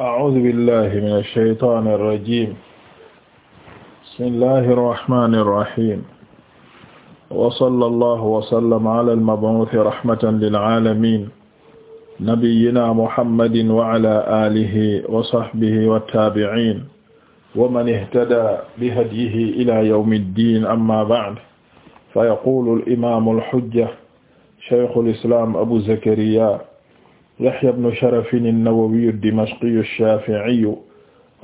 أعوذ بالله من الشيطان الرجيم بسم الله الرحمن الرحيم وصلى الله وسلم على المبعوث رحمة للعالمين نبينا محمد وعلى آله وصحبه والتابعين ومن اهتدى بهديه إلى يوم الدين أما بعد فيقول الإمام الحجة شيخ الإسلام أبو زكريا Yahya ibn Sharafin an-Nawawi ad-Dimashqi ash-Shafi'i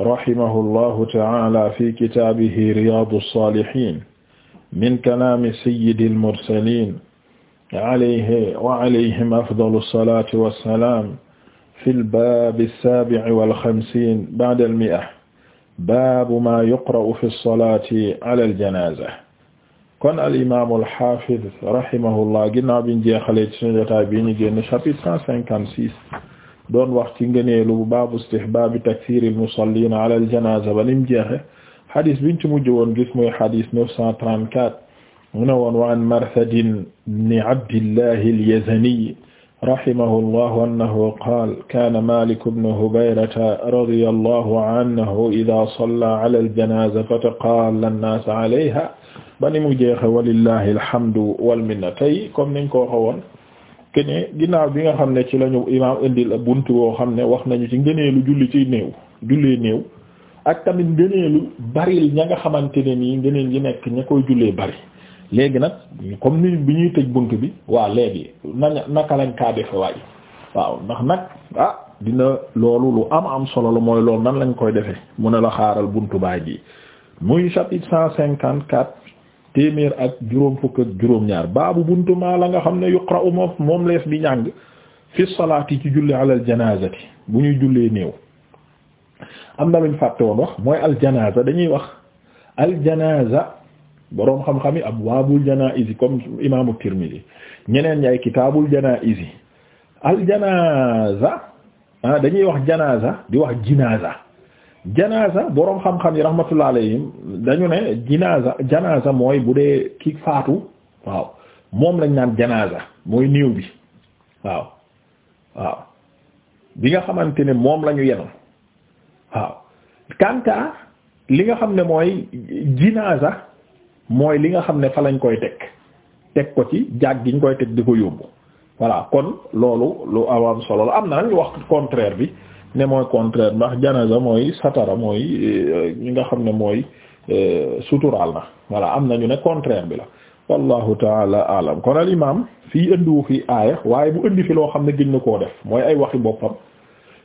rahimahullahu ta'ala fi kitaabihi Riyadu as-Salihin min kalaami sayyidil mursaliin alayhi wa alayhim afdalu as-salaati was-salaam fil baabi as-saabi'i wal khamsiin ba'da al-mi'a baabu maa yuqra'u fi as-salaati ala al-janaazah kon al imaam al haafid rahimahullah ginnaaw biñ jeexalee ci suñu jotaay bii ñu génn chapitre cent cinquante six doon wax ci ngëneelu baabu istihbaabi takfiiri al musalliin ala al janaaza ba lim jeexe xadis biñ ci mujj woon gis muy xadis neuf cent trente quatre mu ne woon wa an Marsad ibn Abdillahi al Yazani rahimahullah annahu qaala kaana Maalik ibn Hubayrata radiyallahu anhu idaa sallaa ala al janaaza fataqaala an-naas alayha ba ni mu jeexe walillahi alhamdu wal minna tey comme niñ ko waxoon kene ginnaaw bi nga xam ne ci lañu imaam la buntu woo xam ne wax nañu ci ngëneelu julli ci néew jullee néew ak tamit ngëneelu baril ña nga xamante ne nii ngëneel yi nekk ña koy jullee bari léegi nag comme ni bi ñuy tëj bunt bi waa léegi naka lañ kaa defe waay waaw ndax nag ah dina loolu lu am am solo la mooy lool nan lañ koy defee mu ne la xaaral buntu baay ji muy chapitre cent téeméer ak juróom fukk ak juróom-ñaar baabu buntu maa la nga xam ne yuqra'u moom moom lees bi ñàng fi salaati ci julli alal janaazati bu ñuy jullee néew. am na luñ fàtte woon wax mooy al janaaza dañuy wax al janaaza boroom xam-xam yi abwaabul janaa'iz comme imaamu Tirmidhi ñeneen ñi ay kitaabul janaa'iz al janaaza ah, dañuy wax janaaza di wax jinaaza janaza boroom xam-xam yi rahmatullah alayhim dañu ne jinaza janaza mooy bu dee kii faatu waaw moom lañ naan janaza mooy néew bi waaw waaw bi nga xamante ne moom lañu ñu yenu waaw kanta li nga xam ne mooy jinaza mooy li nga xam ne fa lañ koy teg teg ko ci jaag gi ñu koy teg di ko yóbbu voilà kon loolu lu awam solo la am na nag wax contraire bi ne mooy contraire ndax janaza mooy satara mooy ñi euh, nga xam ne mooy euh, suturaal na voilà am ñu ne contraire bi la wallahu taala alam kon al imam fii indiwu fi aaya waaye bu indi fi loo xam ne gën na koo def mooy ay waxi boppam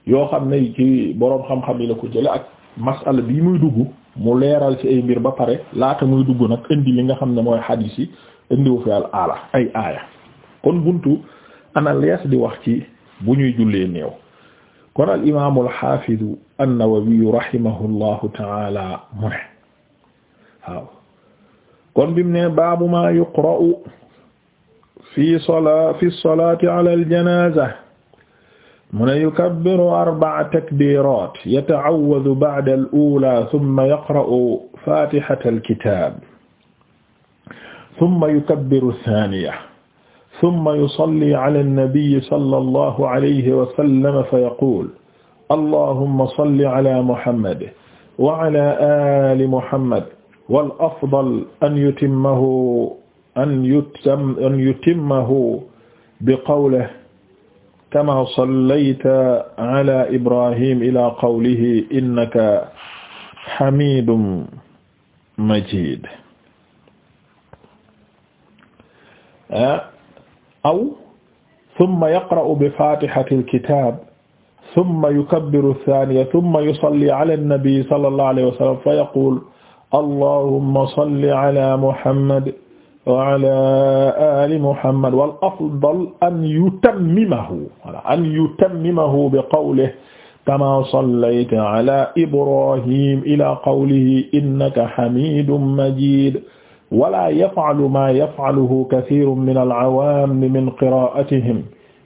yoo xam ne ci boroom xam-xam yi la ko jële ak masala bi muy dugg mu leeral ci ay mbir ba pare laata muy dugg nag indi li nga xam ne mooy xadiis yi indiwu fi al ay aaya kon buntu analyse di wax ci bu ñuy jullee néew kon al imaamu alxaafidu annawawiyu rahimahullahu taala mu ne waaw kon bim ne baabu maa yuqra'u fi sola fi solaati ala aljanaza mu ne yukabbiru arba'a takbirat yata'awwadu ba'da al-ula thumma yaqra'u fatihata alkitab thumma yukabbiru ath-thaniya ثم يصلي على النبي صلى الله عليه وسلم فيقول اللهم صل على محمد وعلى آل محمد والأفضل أن يتمه أن يتم أن يتمه بقوله كما صليت على إبراهيم إلى قوله إنك حميد مجيد. aw summa yaqra'u bi fatihatil kitaab summa yukabbiru thaniya summa yusalli ala an-nabi sallallahu alayhi wa sallam fa yaqulu allahumma salli ala muhammad wa ala ali muhammad wal afdal an yutammimahu voilà an yutammimahu bi qawlihi kama sallayta ala ibrahim ila qawlihi innaka hamidun majid wala yaf'alu ma yaf'aluhu kathirun min al-'awammi min qira'atihim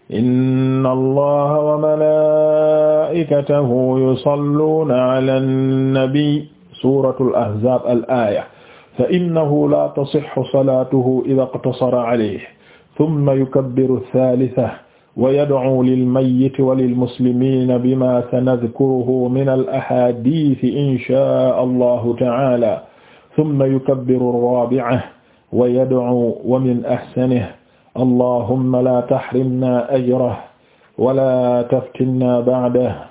inna allaha wa malaa'ikatahu yusalluna 'ala an-nabi suratul ahzab al-aya fa innahu la tasihhu salatuhu idha iqtasara 'alayhi thumma yukabbiru ath-thalitha wa yad'u lil-mayyit wa lil-muslimina bima sanadhkuruhu min al-ahadith insha allahu ta'ala thumma yukabbiru raabi'ahu wa yad'u wa min ahsanihi allahumma la tahrimna ajrahu wa la taftinna ba'dahu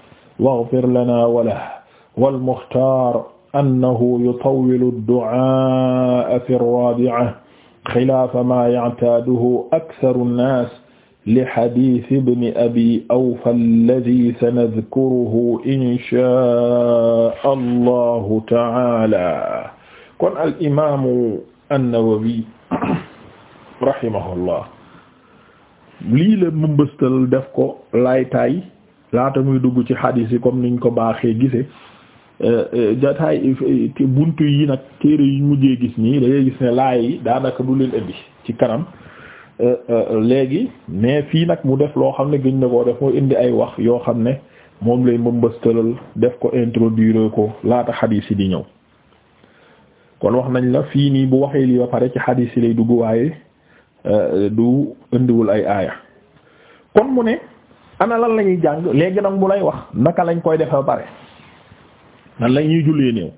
waghfir lana wa lahu wal mukhtaar annahu yutawwilu ad-du'aa'a fi ar-raabi'a xilaafa maa ya'taaduhu aktharu an-naas li hadiisi ibni abii awfaa allazii sanadhkuruhu inshaa allahu ta'aalaa kon al imaamu an-Nawawi rahimahullah lii la mbëstal def ko laytaay laata muy dugg ci xadiis yi comme niñ ko baaxee gise euh, euh, jataay euh, buntu yi nag téere yu mujjee gis nii gis ne laay yi daanaka du leen indi ci kanam léegi mais fii nag mu def loo xam ne gëñ na koo def moo indi ay wax yoo xam ne moom lay mbëmbëstalal def ko introduire ko laata xadiis yi di ñëw kon wax nañ la fii nii bu waxee lii ba pare ci xadiis yi lay dugg waaye euh, du indiwul ay aaya kon mu ne ana la ñuy jàng léegi nag mu lay wax naka lañ koy defee ba pare nan la ñuy jullee néew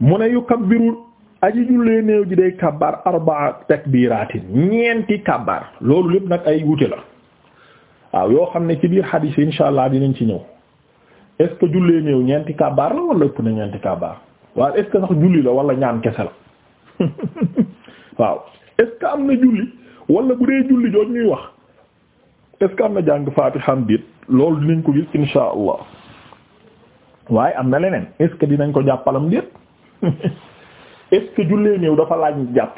mu ne yu kabbiru aji jullee néew ji day kabbar arbaa takbiraatin ñeenti kabbar loolu lépp nag ay wute la waaw yoo xam ne ci biir xadiis yi insha allah dinañ ci ñëw est ce que jullee néew ñeenti kabbar la wala ëpp na ñeenti kabbar waaw est-ce que sax julli la wala ñaan kese la waaw est-ce que am na julli wala bu dee julli jooju ñuy wax est am na jàng faatixam biit loolu dinañ ko gis insha allah waaye am na leneen est-ce dinañ ko jàppalam déet est-ce jullee néew dafa laaj jàpp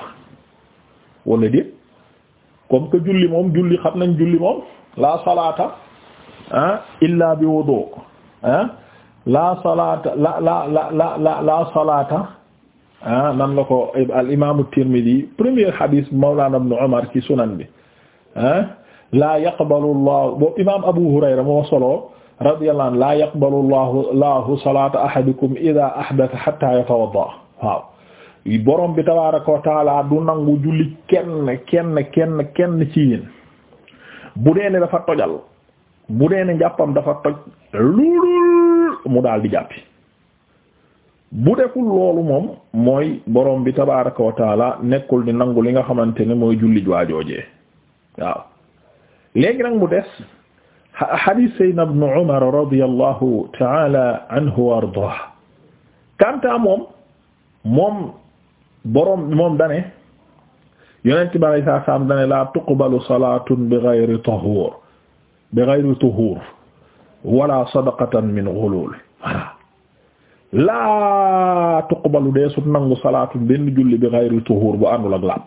wala déet comme que julli moom julli xam nañ julli moom la salaata ah illa bi wudu ah la salaata la la la la la la salaata ah nan la ko al imaamu Tirmidi premier hadis Mawlana ibn Umar ci sunan bi ah la yaqbalu llahu boobu imaam Abu Hurayra moo solo radiyallahu anhu la yaqbalu llahu llahu salaata ahadikum idaa ahdatha hatta yatawadda waaw borom bi tabaaraka wa taala du nangu julli kenn kenn kenn kenn ci yéen bu dee ne dafa tojal bu dee ne njàppam dafa toj loolu. mu daal di jàppi bu deful loolu moom mooy borom bi tabaraka wa taala nekkul di nangu li nga xamante ne mooy julli waajoojee waaw léegi nag mu des hadith sayyidina ibn umar radiyallahu taala anhu wa ardah moom moom borom moom dane yonent bi alayhi salaam dane la tuqbalu salatun bi ghayri tahur bi ghayri tuhur wala sadaqatan min ghulul laa tuqbalu deesut nangu salaatu benn julli bi ghayri tuhur bu àndul ak laab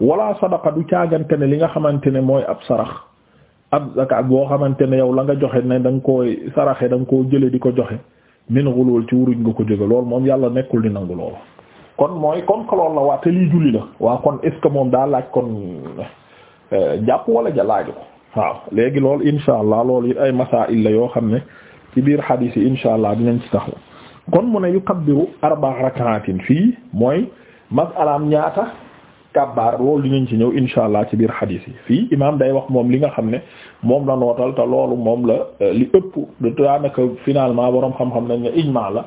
wala sadaqa du caagante ne li nga xamante ne mooy ab sarax ab zakat boo xamante ne yow la nga joxe ne da nga koy saraxe da nga koo jële di ko joxe min ghulul ci wuruñ nga ko jóge loolu moom yàlla nekkul di nangu loolu kon mooy kon ko loolu la waa te lii julli la waa kon est moom daa laaj kon euh, jàpp wala ja laaju ko waaw léegi loolu insha allah loolu it ay masaa'il la yoo xam ne ci biir xadiis yi insha allah dinañ ci taxaw kon mu ne yukabbiru arba' rak'atin fii mooy mas'alaam ñaata kabbaar loolu dinañ ci ñëw insha allah ci biir xadiis yi fii imaam day wax moom li nga xam ne moom la nootal te loolu moom la euh, li ëpp de daanaka finalement boroom xam-xam nañ ne ijmaa la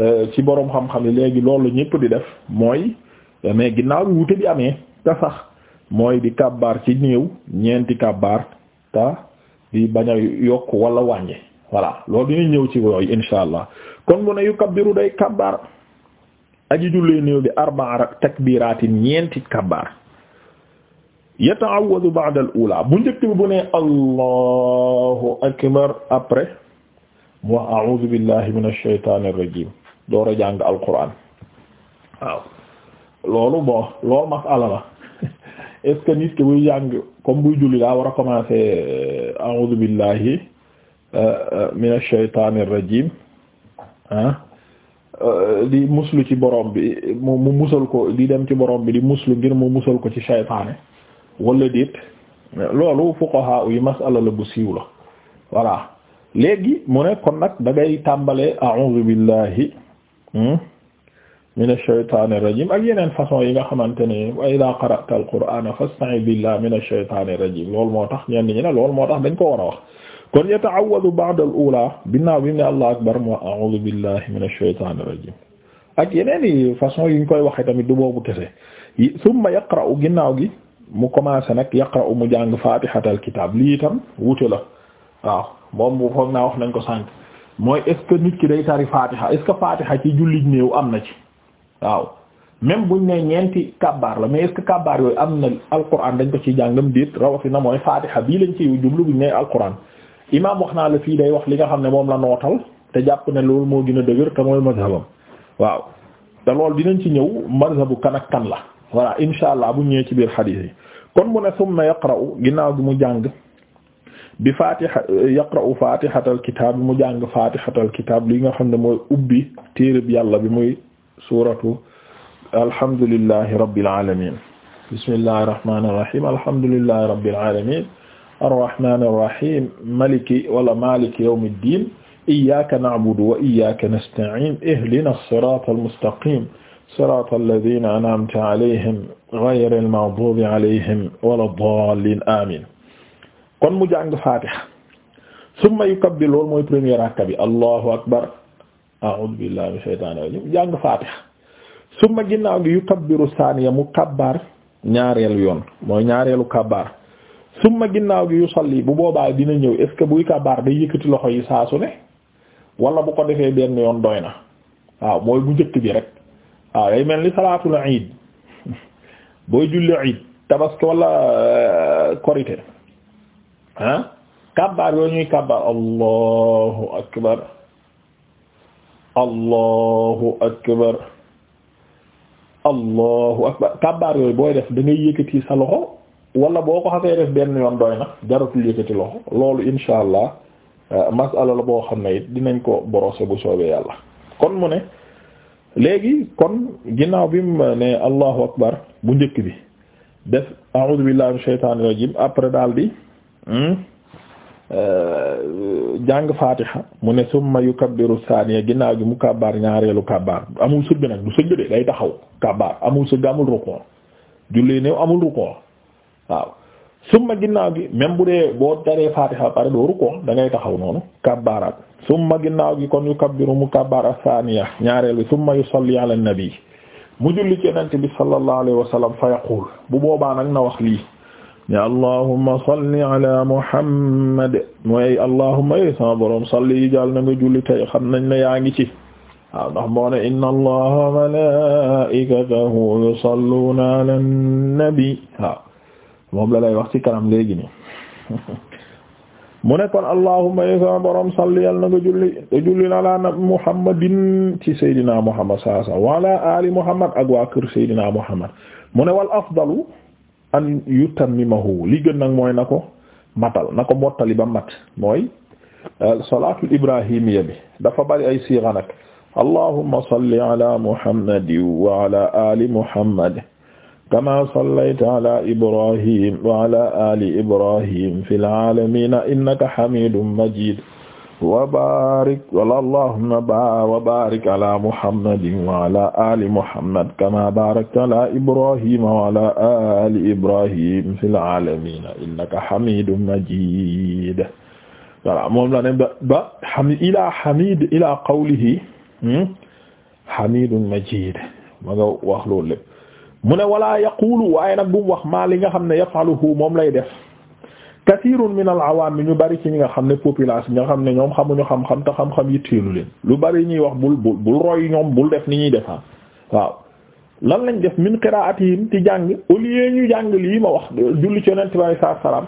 euh, ci boroom xam-xam yi léegi loolu ñëpp di def mooy mais ginnaaw bi wute bi amee te sax mooy di kabbaar ci néew ñeenti kabbaar. ta di bañ a yokk wala wàññi voilà loolu dinañ ñëw ci yooyu insha allah kon mu ne yu kabbiru day kabbar aji jullee néew bi arba'a ñeenti kabbar yata'awwadu ba'da al-ula bu njëkk bi bu ne allahu akbar après mu wax a'udhu billahi minash shaytaanir rajiim door a jàng alquran waaw loolu est nit ki buy jàng comme buy julli daa war a commencer euh, a'udhu billahi euh, euh, minash shaytaanir rajiim ah di muslu ci borom bi mu musal ko di dem ci borom bi di muslu ngir mu musal ko ci shaytaane wala déet loolu fuqaha yi masala la bu siiw la voilà léegi mu ne nag da tàmbalee a'udhu billahi hmm? mina shaytaani rajiim ak yeneen façon yi nga xamante ne wa idaa qara'ta al-qur'aana fasta'idh billahi mina shaytaani rajiim loolu moo tax ñenn ñi ne loolu moo tax dañ ko war a wax kon yata'awwadu ba'da al-uulaa binnaaw bi ne allah akbar mu a'uudhu billahi mina shaytaani rajiim ak yeneen façon yi ñu koy waxee tamit du boobu kese summa yaqra'u ginnaaw gi mu commencé nag yaqra'u mu jàng faatihatal kitaab lii itam wuute la waaw moom bu foog naa wax nañ ko sànq mooy est ce ki day tari faatiha est ce ki faatiha ci jullit am na ci. waaw même buñ ne ñeenti kabbaar la mais est ce yooyu am na al alquran dañ ko ciy jàngam déet na mooy fatiha bii lañ ci jublu buñ ne alquran imaam wax naa la fii day wax li nga xam ne moom la nootal te jàpp ne loolu moo gën a dëgër te mooy mazhabam waaw te loolu dinañ ci ñëw mazhabu kan ak kan la voilà insha allah bu ñëwee ci biir xadiis yi kon mu ne summa yaqra'u ginnaaw bi mu jàng bi fatiha yaqra'u fatihatal kitaab bi mu jàng fatihatal kitaab li nga xam ne mooy ubbi téereb yàlla bi muy suratu alhamdulillahi rabbil alamin bismillahir rahmanir rahim alhamdulillahi rabbil alamin arrahmanir rahim maliki wala maliki yawmiddin iyyaka na'budu wa iyyaka nasta'in ihdinas siratal mustaqim siratal ladhina an'amta alayhim ghayril maghdubi alayhim waladdallin amin kon mu jàng Fatiha summa yukabbiru loolu mooy premier rakka bi Allahu akbar a'udhu billahi minash shaytaanir rajiim jàng faatiha summa ginnaaw gi yukabbiru saaniya mu kabbaar ñaareelu yoon mooy ñaareelu kabbaar summa ginnaaw gi yusalli bu boobaa dina ñëw est ce que buy kabbaar day yëkkati loxo yi saa ne wala bu ko defee benn yoon doy na waaw mooy bu njëkk bi rek waaw day mel ni salaatul iid booy julli iid tabaski wala euh, korite ah kabbaar yooyu ñuy kabbaar allahu akbar allahu akbar allahu akbar kabbaar yooyu booy def dangay ngay yëkkati sa loxo wala boo ko xasee def benn yoon doy na jaratul yëkkati loxo loolu insha allah euh, masala la boo xam ne it dinañ ko borose bu soobee yàlla kon mu ne léegi kon ginnaaw bi mu ne allahu akbar bu njëkk bi def a'udhu billahi minash shaitanir rajim après daal di hmm? Euh, jàng fatiha mu ne summa yukabbiru thaniya ginnaaw gi mu kabbar ñaareelu kabbar amul sëgg nag du sëgg de day taxaw kabbar amul sëgg amul rukkoo julli néew amul rukkoo waaw summa ginnaaw gi même bu dee boo daree fatiha pare doo rukkoo da ngay taxaw noonu kabbaraat summa ginnaaw gi kon yukabbiru mu kabbar thaniya ñaareel bi summa yusalli ala nabi mu julli ci yonent bi sallallahu alayhi wa sallam fa yaqul bu boobaa ak na wax lii ya allahumma salli ala muhammad mooy allahumma yoy eh, sama borom salli yi jàll na nga julli tay xam nañ ne yaa ngi ci waaw ndax moo ne inna allaha wa malaikatahu yusalluna ala nabi waaw moom la lay wax ci kanam léegi nii mu ne kon allahumma yoy eh, sama borom salli yàll na nga julli julli na ala nabi muhammadin ci saydina muhammad saa sa wa ala ali muhammad ak waa kër saydina muhammad mu ne wal afdalu an yutammimahu li gën nag mooy na ko matal na ko mottali ba mat mooy euh, salaatul ibrahimiya bi dafa bari ay siixa nag allahumma salli ala muhammad wa ala ali muhammad kama sallayta ala ibrahim wa ala ali ibrahim fil aalamiina innaka hamiidun majiid wa barik wala allahumma ba wa barik ala muhammadin wa ala ali muhammad kama barakta ala ibrahima wa ala ali ibrahim fil alamin innaka hamidum majid voilà moom la ne ba hamid ila hamid ila qawlihi hmm, hamidun majid ma nga wax loolu lépp mu ne wala yaqulu waaye nag bu mu wax maa li nga xam ne yafaluhu moom lay def kathirun min al awam mi ñu bari ci ñi nga xam ne population ñi nga xam ne ñoom xamuñu xam-xam te xam-xam yitteelu leen lu bari ñuy wax bul bul bul roy ñoom bul def ni ñuy defaa ah. waaw lan lañ def min qiraatihim ci jàng au lieu ñu jàng lii ma wax julli ci yonent bi sallallahu alayhi wasallam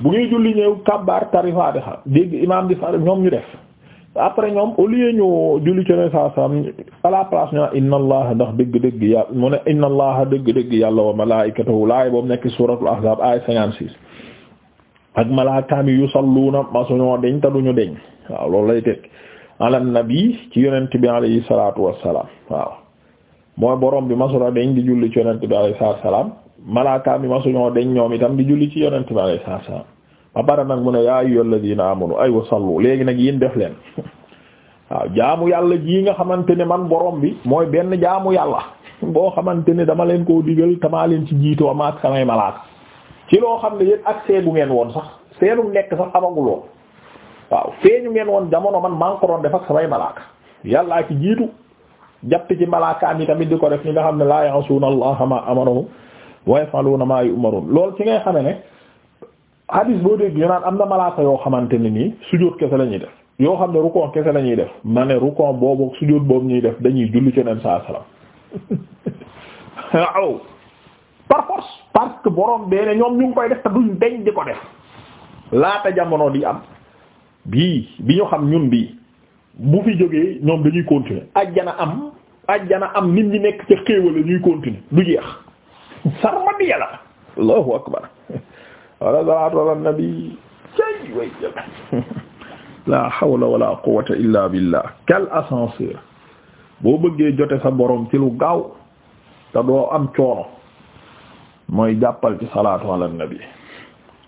bu ngay julli ñëw kabbaar tarifaade xa dégg imam di far ñoom ñu def après ñoom au lieu ñu julli ci yonent sallallahu a wasallam à la place ñu inna allah ndax dëgg-dëgg yàlla mu ne inna allah dëgg-dëgg yàlla wa malaikatahu laay boobu nekk suratul ahzab ay 56 ak malaakaami yu salluuna masuñoo deñ te duñu deñ waaw loolu lay teg ala nabi ci yonent bi alayhi salaatu wassalaam waaw mooy borom bi masula deñ di julli ci yonent bi alayhi salaatu wassalaam malaakaami masuñoo deñ di julli ci yonent bi alayhi salaatu wassalaam ba pare nag mu ne yaa ayyuhal ladiina amanu aywa sallu léegi nag yéen def leen waaw jaamu yàlla jii nga xamante ne man borom bi mooy benn jaamu yàlla boo xamante ne dama leen koo digal tamaa leen ci jiitu am ak samay malaaka ci loo xam ne yéen ak seegu ngeen woon sax seenum nekk sax amaguloo waaw feeñu ngeen woon jamono man maa ngi ko doon def ak samay malaaka yàllaa ci jiitu jàpp ci malaakaam tamit di ko def ñi nga xam ne laa ya'suuna allaha ma amarahum wa yaf'aluuna maa yu'maruun loolu ci ngay xame ne hadis boo am na malaaka yoo xamante ne nii sujóot kese la ñuy def yoo xam ne rukoo kese lañuy def ma ne rukoo boobu sujóot boobu ñuy def dañuy julli ci neen saa salaam waaw par force parce que borom bee ne ñoom ñu ngi koy def te duñ deñ di ko def laata jamono di am bii bi ñu xam ñun bii bu fi jógee ñoom dañuy continuer ajjana am ajjana am nit ñi nekk ca xéewal ñuy continuer du jeex sarmadi yàlla allahu akbar wala salaatu ala nabi cay way jël la hawla wala quel ascenseur boo bëggee jote sa borom ci lu gaaw te doo am coono mooy jàppal ci salaatu ala nabi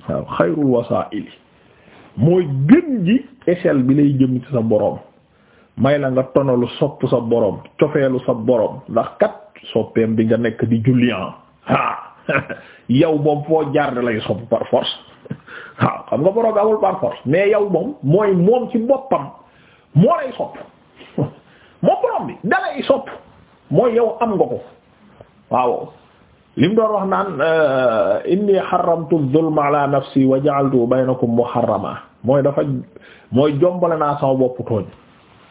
waaw xayrul wasaa'ili mooy gën ji échelle bi lay jëm ci sa boroom may la nga tonalu sopp sa boroom cofeelu sa boroom ndax kat soppeem bi nga nekk di jullian ah yow moom foo jaar da sopp par waaw xam nga boroom amul par mais yow moom mooy moom ci boppam moo lay sopp moo boroom bi da sopp mooy yow am nga ko waaw lim doon wax naan euh, inni xaramtu zulma ala nafsi wa ja'altu baynakum muharrama mooy dafa mooy jombale naa sama bopp tooñ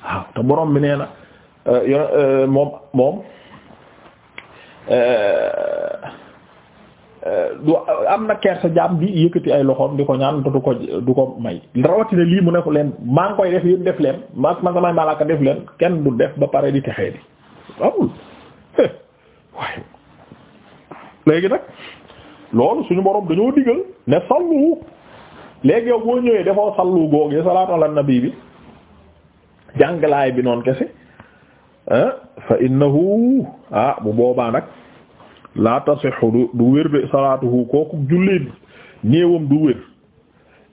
waaw te borom bi nee na euh, euh, moom moom du am na kersa jaam bi yëkkati ay loxoom di ko ñaan te ko du ko may rawatina lii mu ne ko leen maa ngi koy def yéen def leen maa ma samay def leen kenn du def ba pare di texee di waaye léegi nag loolu suñu borom dañoo digal ne sallu léegi yow boo ñëwee dafoo sallu googee salaatu ala nabi bi jàngalaay bi noonu kese ah, fa innahu ah bu boobaa nag la tasixu du du wér de salaatuhu kooku julli néewam du wér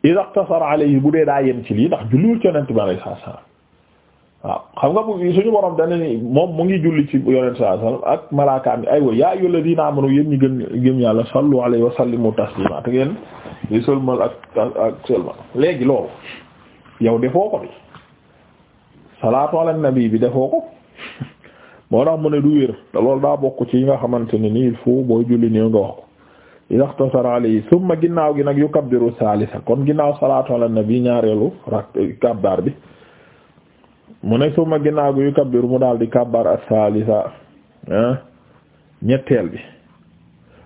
ida iqtasara alayhi bu dee daa yem ci lii ndax julliwul ci yonent bi alayhi waaw xam nga bu suñu borom dana ni moom mu ngi julli ci yonent sallallahu ak malaakaam yi aywa yaa ayyuhal ladiina aamanu yéen ñi gën gëm yàlla sallu alayhi wa sallimu taslima te ngeen di sëlmal ak ak sëlmal léegi loolu yow defoo ko bi salaatu ala bi defoo ko moo tax mu ne du wér te loolu daa bokk ci yi nga xamante ne nii il faut booy julli nii nga wax ko idaxtasara alayhi summa ginnaaw gi nag yukabbiru salisa kon ginnaaw salaatu ala nabi ñaareelu rak kabbar bi mu ne suma ginnaaw gi yu kabbir mu daal di kabbar as-salisa ah, ñetteel bi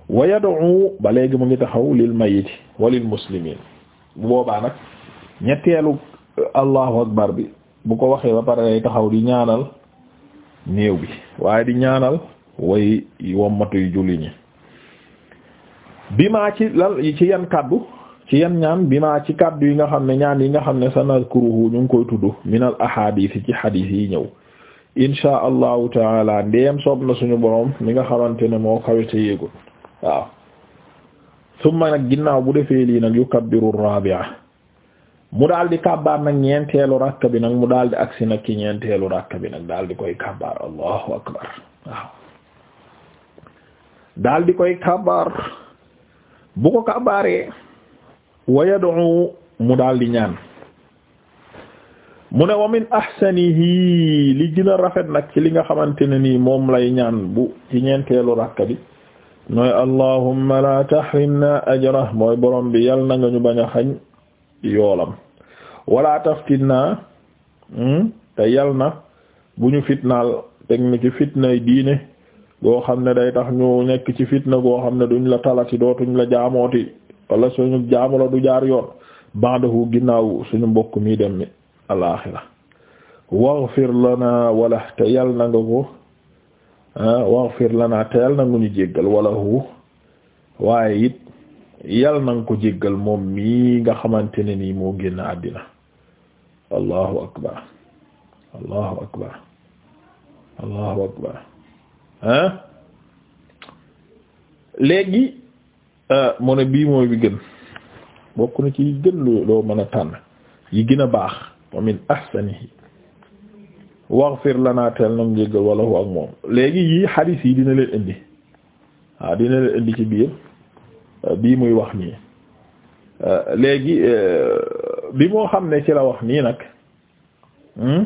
wa yad'u ba léegi mu ngi taxaw lil mayiti walil muslimin boobaa nag ñetteelu allahu akbar bi bu ko waxee ba pare lay taxaw di ñaanal néew bi waaye di ñaanal way wommatuy julli ñi bi maa ci lan ci yan kaddu ci yan ñaan bi maa ci kàddu yi nga xam ne ñaan yi nga xam ne sanadkuruhu ñu ngi koy tudd minal ahadith ci hadith yi ñëw insha allahu taala ndeem soob suñu bo mi nga xamante ne moo kawete yéegul waaw summa nag ginnaaw bu defee lii nag yukabbiru rabi'a mu daal di kabbaar nag ñeenteelu rakk bi nag mu daal di agsi nag ci ñeenteelu bi nag daal di koy kabbaar allahu akbar waaw daal di koy kabbaar bu ko kabbaaree wa yad'u mu daal di ñaan mu ne wa min ahsanihi li gën rafet nag ci li nga xamante ne nii moom lay ñaan bu ci ñeenteelu rakka bi nooy allahumma la tahrimna ajra mooy borom bi yal na nga ñu bañ xañ yoolam wala taftinna hmm, te yal na bu ñu fitnaal teg na ci fitnay diine goo xam ne day tax ñu nekk ci fitna goo xam ne duñ la talati dootuñ la jaamooti wala suñu jaamu la du jaar yoon ba'dahu ginnaaw suñu mbokk mi dem alaaxira waghfir lana wala te yal na nga ko ah, waghfir lana te yal na nga ñu wala hu waaye it yal na ko jéggal moom mii nga xamante ne nii moo génn àddina allahu akbar allahu akbar allahu akbar hein ah? léegi Euh, mu ne bii mooy bi gën bokk na ci yi gën loo mën a tànn yi gën a baax wa min ahsanihi waghfir lana teel nam njéggal wala hu ak moom léegi yii xadiis yi dina leen indi waaw dina leen indi ci biir euh, bii muy wax nii euh, léegi bi moo xam ne ci la wax nii nag hmm?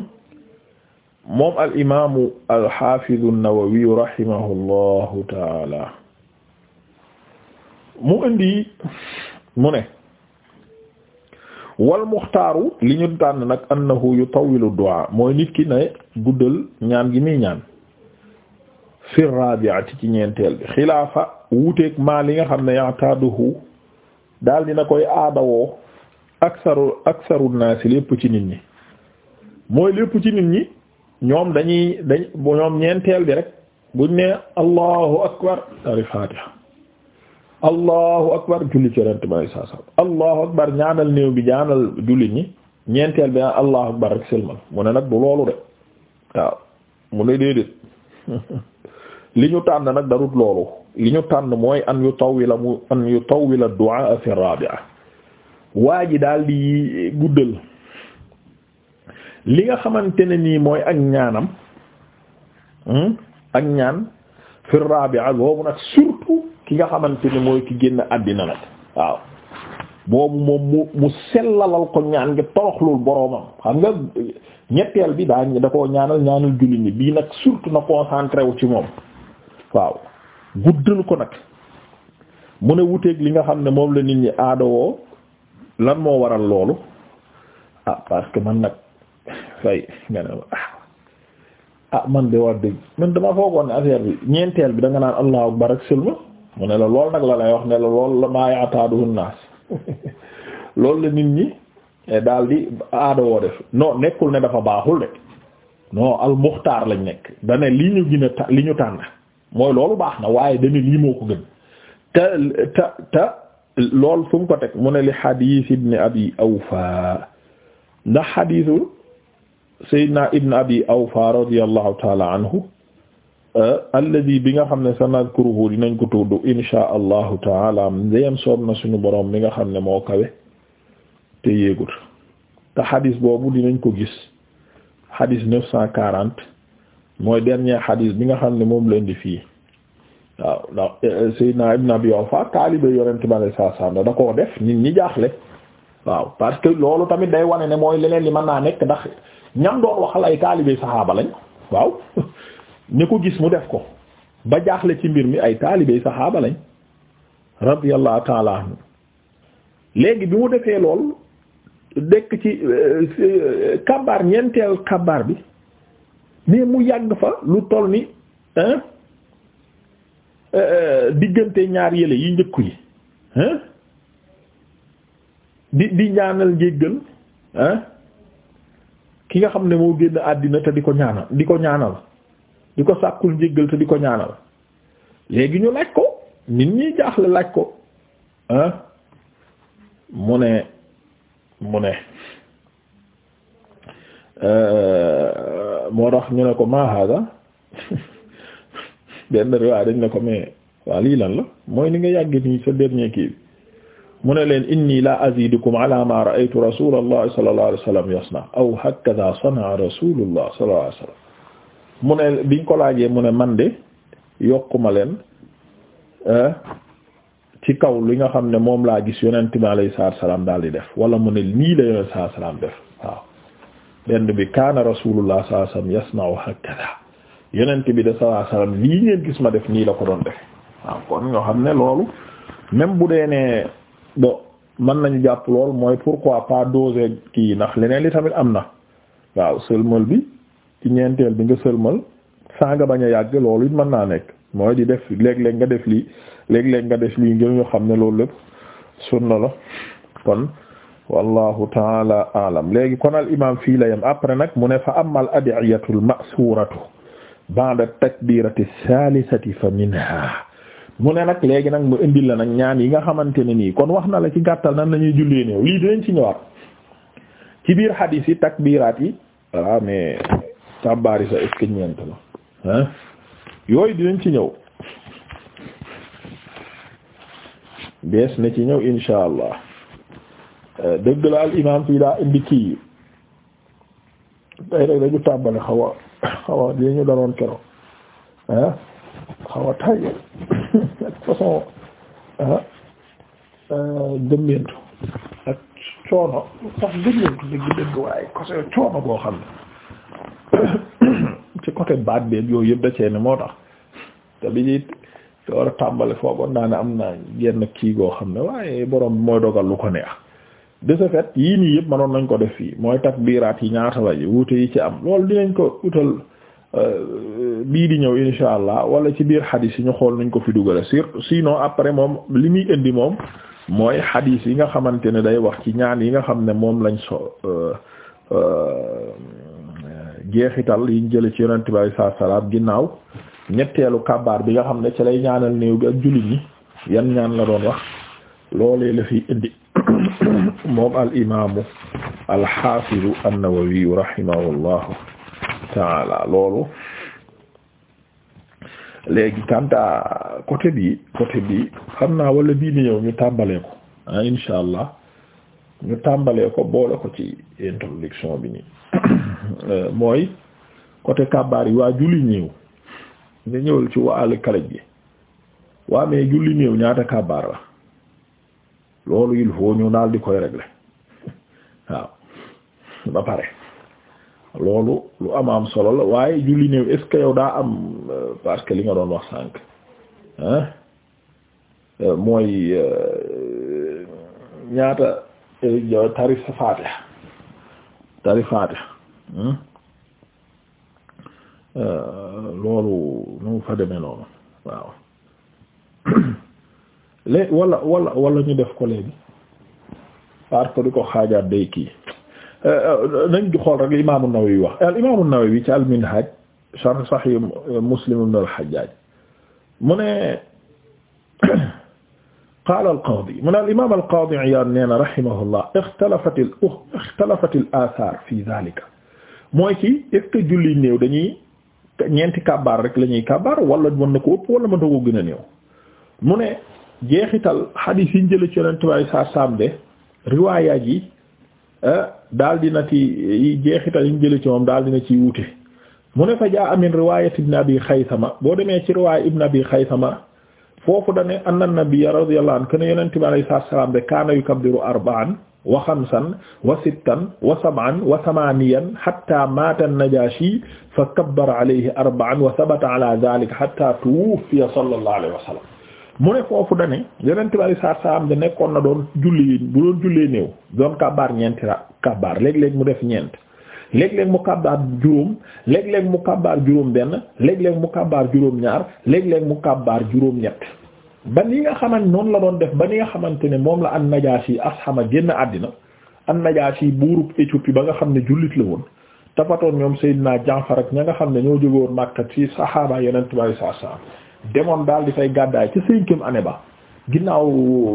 moom al imaamu al xaafidu an-Nawawi rahimahullahu taala mu indi mu ne wal muxtaaru li ñu tànn nag annahu yutawilu du'a mooy nit ki ne guddal ñaan gi muy ñaan fi rabi'ati ci ñeenteel bi xilaafa wuuteeg maa li nga xam ne ya'taduhu daal dina koy aadawoo aksaru aksaru naasi lépp ci nit ñi mooy lépp ci nit ñi ñoom dañuy dañ ñoom ñeenteel bi rek buñ ne allahu akbar tari fatiha allahu akbar julli ci yonent bi saa saa allahu akbar ñaanal néew bi ñaanal julli ñi ñeenteel bi naan allahu akbar rek silmal mu ne nag bu loolu de waaw mu ne déedéet li ñu tànn nag darut loolu li ñu tànn mooy an yu tawwila mu an yu tawwila du'a fi rabi'a waa ji daal di guddal li nga xamante ne nii mooy ak ñaanam hmm, ak ñaan fi rabi'a boobu nag surtout ki nga xamante ni mooy ki génn àddina nag waaw boobu moom mu mu sellalal ko ñaan nga toroxlul boroomam xam nga ñetteel bi daa da koo ñaanal ñaanal julli ñi bii nag surtout na concentré wu ci moom waaw guddal ko nag mu ne wuteeg li nga xam ne moom la nit ñi aadawoo lan moo waral loolu ah parce que man nag fay ah. ah man de war dëgg man dama foogoon ne affaire bi ñeenteel bi da nga naan allahu akbar barak sëlma mu ne la lool nag la lay wax ne la lool la maa ya'taadu naas loolu la nit ñi eh, daal di aada woo def non nekkul ne dafa baaxul de non al muxtaar lañ nekk dane li ñu gën a tànn mooy loolu baax na waaye dane lii moo ko gën te te te lool fu mu ko teg mu ne li xadiis ibn abi awfa ndax xadiisu seydina ibn abi awfa radiallahu taala anhu Euh, alladi bi nga xam ne sanadkuruhu dinañ ko tudd insha allahu taala ndeyam soob na suñu boroom mi nga xam ne moo kawe te yéegut te xadis boobu dinañ ko gis xadis neuf cent quarante mooy dernier xadis bi nga xam ne moom leen di fii waaw ndax euh, Seydina Ibn Abi Awfa taalibe yonent bi alayhi salaam da koo def nit ñi jaaxle waaw parce que loolu tamit day wane ne mooy leneen li mën naa nekk ndax ñam doon waxal ay taalibe saxaaba lañ waaw ñi ko gis mu def ko ba jaaxle ci mbir mi ay taalibey saxaaba lañ radiyallahu taala anhu léegi bi mu defee lool dekk ci euh, kabaar ñeenteel kabaar bi mais mu yàgg fa lu toll ni euh, diggante ñaar yéle yi njëkku yi di di ñaanal njéggal hein ki nga xam ne moo génn àddina te di ko ñaanal di ko ñaanal di ko sàkkul njéggal te di ko ñaanal léegi ñu laaj ko nit ñi jaaxle laaj ko mu ne mu ne euh, moo tax ñu ne ko ma hada benn riwaay dañ ne ko mais waa lii lan la mooy li nga yàgg nii sa dernier kii bi mu ne leen inni la azidukum ala ma ra'aytu rasulullah sallallahu alayhi wasallam yasna aw hakadha sana rasulullah sallallahu alayhi wasallam mu ne biñ ko laajee mu ne man de yokkuma leen eh, ci kaw li nga xam ne moom laa gis yonent bi alayhi salaam daal di def wala mu ne nii la yonent salaam def waaw benn bi kaana rasulullah salaatu salaam yasna'u hakada yonent bi de salaatu salaam lii ngeen gis ma def nii la ko doon def waaw kon nga xam ne loolu même bu dee ne bon mën nañu jàpp lool mooy pourquoi pas doser kii ndax leneen li tamit am na waaw sëlmal bi. ci ñeenteel bi nga sëlmal saa nga bañ a yàgg loolu it mën naa nekk mooy di def léeg-léeg nga def lii léeg-léeg nga def lii ngir ñu xam ne loolu lépp sunna la kon wallahu taala alam léegi kon al imam fii la yem après nag mu ne fa am al adiyatul ma'suratu ba'da takbirati salisati fa minha mu ne nag léegi nag mu indi la nag ñaan yi nga xamante ne nii kon wax na la ci gàttal nan la ñuy jullee néew lii dinañ ci ñëwaat ci biir hadis yi takbiraat yi waaw mais tabbaari sa est la hein yooyu dinañ ci ñëw bees na ci ñëw insha allah euh, dëgg la al imaam fii daa indi kii yi tey rek dañu tàmbale xaw a xaw dinañu daloon kero ah xaw a tàyyi façon ah euh, gëmmeentu ak coono sax gëmmeentu dëgg dëgg waaye kose coono boo xam ne ci côté baat beeg yooyu yëpp da cee ne moo tax te bi ñuy door a tàmbale foogoon naa ne am na genn kii goo xam ne waaye borom mooy dogal lu ko neex de ce fait yii nii yëpp mënoon nañ ko def fii mooy biiraat yi ñaata la ji wute yi ci am lool dinañ ko utal euh, bii di ñëw insha allah wala ci biir xadis yi ñu xool nañ ko fi dugale sur sinon après moom li muy indi moom mooy xadis yi nga xamante ne day wax ci ñaan yi nga xam ne moom lañ so. Euh, euh, jeexital yiñ jële ci yonent bi alayhi salaam ginnaaw ñetteelu kabaar bi nga xam ne ci lay ñaanal néew bi ak jullit ñi yan ñaan la doon wax loolee la fi indi moom al imaamu al xaafidu an-Nawawi rahimahullahu taala loolu léegi kanta côté bi côté bi xam naa wala bii ni ñëw ñu tàmbalee ko ah insha allah ñu tàmbalee ko boole ko ci introduction bi nii Euh, mooy côté kabaar yi waa julli néew nga ñëwal ci waa àll kalaj gi waa mais julli néew ñaata kabaar la loolu il faut ñu daal di koy régler waaw ba pare loolu lu am am solo la waaye julli néew est-ce que yow daa am euh, parce que li nga doon wax sànq ah mooy ñaata tari sa faatiha Hmm? Euh, loolu nu fa demee noonu waaw lé wala wala wala ñu def ko léegi parce que di ko xaajaat day kii euh, euh, nañ di xool rek li imaamu Nawawi wax al imaamu Nawawi ci al Minhaj sharh Sahih Muslim ibn al Hajjaj mu ne qaala al qaadi mu ne al imaam al qaadi Iyaad nee na rahimahullah ixtalafat al ixtalafat al aasaar fi zaalika mooy ci est-ce julli néew dañuy ñeenti kabaar rek la ñuy kabaar walla mën na ko ëpp wala mën na ko a néew mu ne jeexital xadiis yi njële ci yonent bi saa saam de riwaaya ji eh, daal dina ci jeexital yi njële ci moom daal dina ci wuute mu ne fa jaa amin riwaayat bi abi ma boo demee ci riwaaya bi abi ma foofu dane anna nabiyya radiyallahu anhu kana yonent bi saa saam de kaana yukabbiru arba'an wa xamsan wa sittan wa sab'an wa samaaniyan hatta maata an-Najaashi fa kabbara alayhi arba'an wa sabata ala dhaalika hatta tuwuffiya sallallahu alayhi wa sallam mu ne foofu da ne yeneen tubaab saa saa am de nekkoon na doon julli bu doon jullee néew doon kabaar ñeenti ra kabaar léeg-léeg mu def ñeent léeg-léeg mu kabaar juróom léeg-léeg mu kabaar juróom benn léeg-léeg mu kabaar juróom ñaar léeg-léeg mu kabaar juróom ñett. ba ni nga xamante noonu la doon def ba ni nga xamante ne moom la an-Najaasi asxama génn àddina an-Najaasi buurub Éthiopie ba nga xam ne jullit la woon tapatoon ñoom Seydina Jaafar ak ña nga xam ne ñoo jógoon Makka ci saxaaba Yonent bi sallallahu alayhi wasallam demoon daal di fay gàddaay ci cinquième ba ginnaaw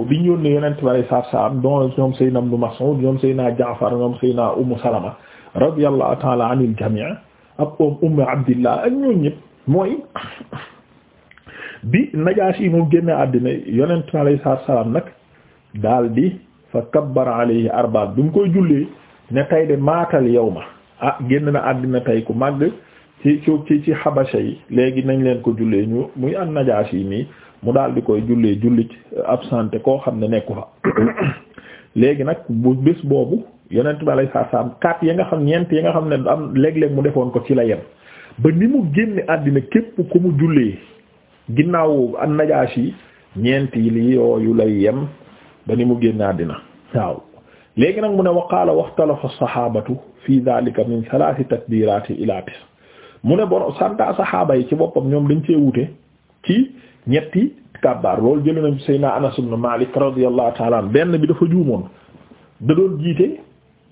bi ñu yónnee Yonent bi sallallahu alayhi wasallam don ñoom Seydina Ibnu Mas'ud ñoom Seydina Jaafar ñoom Seydina Ummu Salama radiyallahu ta'ala anil jamii' ak om Ummu Abdillah ak ñooñu ñëpp mooy bi Najaasi yi mu génne àddina yonent mi alayhi salaatu salaam nag daldi di fa kabbara alayhi arbaa bi mu koy jullee ne tay de maatal yawma ah génn na àddina tay ku màgg ci ci ci xabasa yi léegi nañ leen ko jullee ñu muy an Najaasi yi mii mu daal di koy jullee jullit euh, absenté koo xam ne nekku fa léegi nag bu bés boobu yonent bi alayhi salaatu salaam kat ya nga xam ñeent ya nga xam ne am léeg-léeg mu defoon ko ci la yem ba ni mu génne àddina képp ku mu jullee ginnaaw an-Najaashi ñeenti li yooyu lay yem ba ni mu génn àddina waaw léegi nag mu ne wa qaala waxtalafa saxaabatu fi daalika min salaasi takbiiraati ilaa mu ne bon santa saxaaba yi ci boppam ñoom dañ cee wute ci ñetti kabbaar loolu jëlee nañ Seydina Anas ibn Maalik radiyallahu ta'ala benn bi dafa juumoon da doon jiite